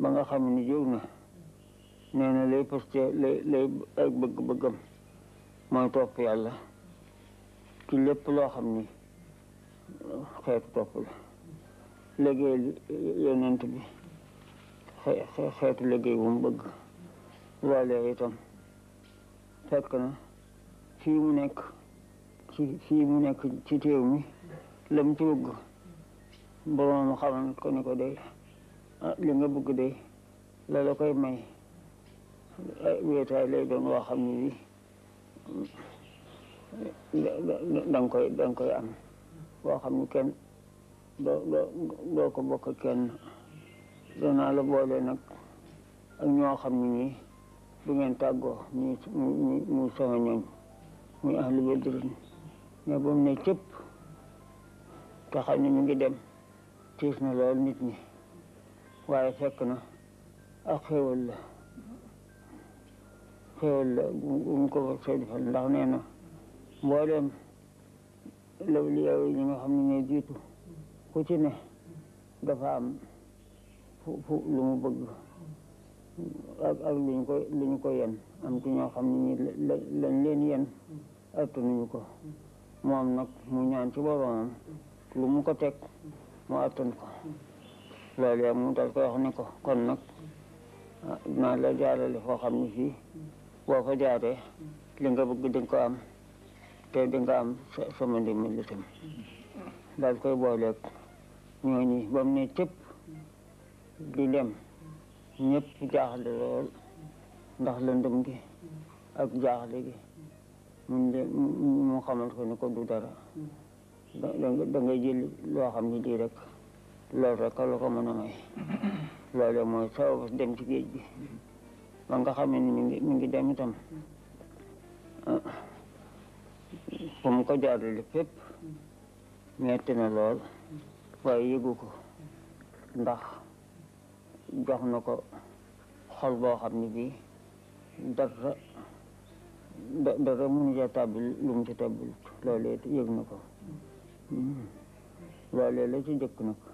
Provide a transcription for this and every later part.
ba nga xam ni jóg na nee na lay parce lay bëgg-bëggam mooy topp yàlla ci lépp loo xam ni xeet topp la liggéey yonent bi xeetu liggéey bu mu bëgg loolee itam fekk na fii mu nekk ci mu nekk ci teew mi lam ci bëgg boroom xamal ko ni ko day ah li nga bëgg de la koy may eh, wéetaay lay doon woo xam ne bi koy da koy am boo xam ne kenn doo doo doo ko bokk kenn danaa la boole nag ak ñoo xam ne nii du ngeen tàggoo muy muy muy sama ñooñ muy ahlu badrin mais ba mu ne cëpp mu ngi dem tiis na lool nit ñi waaye fekk na ak xéwal la xéwal la buñ ko war a defal ndax nee na mboolem lawliya yi ñi nga xam ne jiitu ku ci ne dafa am fu bëgg ak ak luñ ko luñ ko yen am nu ñoo xam ne ñi lañ leen yen attanuñu ko moom nag mu ñaan ci boroomam lu mu ko teg mu attan ko loolee mu dal ko wax ko kon nag maa ah, la jaarale foo xam ne fii boo fa jaaree li nga bëgg di ko am te di nga am sama ndimbal itam daal koy booleeg ñooñu ba mu ne cëpp di dem ñëpp jaaxle lool ndax lëndëm gi ak jaaxle gi mun de mu xamal ko ne ko du dara da da ngay jël loo xam ne lii rek loolu rek la ko mën a may loolu mooy sababu dem ci géej gi ba nga xam ne ni mi ngi mu ngi dem itam fu mu ko jaarale fépp metti na lool waaye yëgu ko ndax jox na ko xol boo xam ne bii dara dara mënu ca tàbbi lum mu ci tàbbilut loolee yëg na ko hmm. loolee la ci jëkk na ko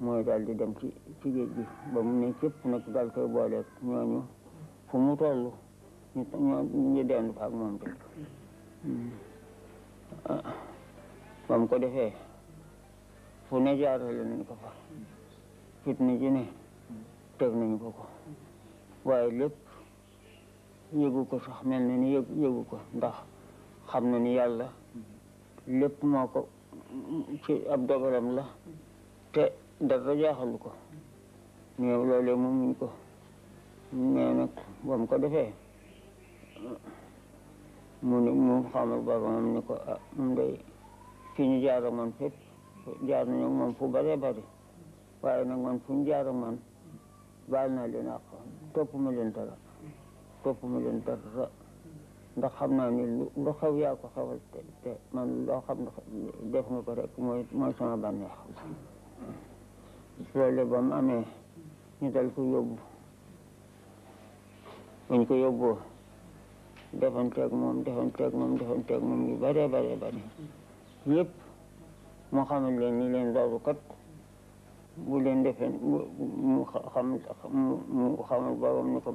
mooy daal di dem ci ci géej gi ba mu ne képp nag daal koy booleeg ñooñu fu mu toll ñu ñoo ñu ak moom de hmm. ah, ba mu ko defee fu ne jaarale nañ ko fa fitna ji ne teg nañ ko ko waaye lépp yëgu ko sax mel na ni yëgu ko ndax xam na ni yàlla lépp moo ko ci ab dogalam la te dafa jaaxal ko mais loolee moom muñ ko mais nag ba ko defee mu ne mu xamal babaam ne ko ah moom fi ñu jaar ak man fépp jaar nañu moom fu bëree bëri waaye nag man fu ñu man baal na leen àq topp ma leen dara topp ma leen dara ndax xam naa ni lu xew yaa ko xewal te man loo xam ne def nga ko rek mooy mooy sama bànneex loolu ba mu amee ñu dal ko yóbbu buñ ko yóbboo defanteeg moom defanteeg moom defanteeg moom bare bare bare yëpp mu xamal leen ni leen loolu kat bu leen defee mu xamal mu xamal borom ni ko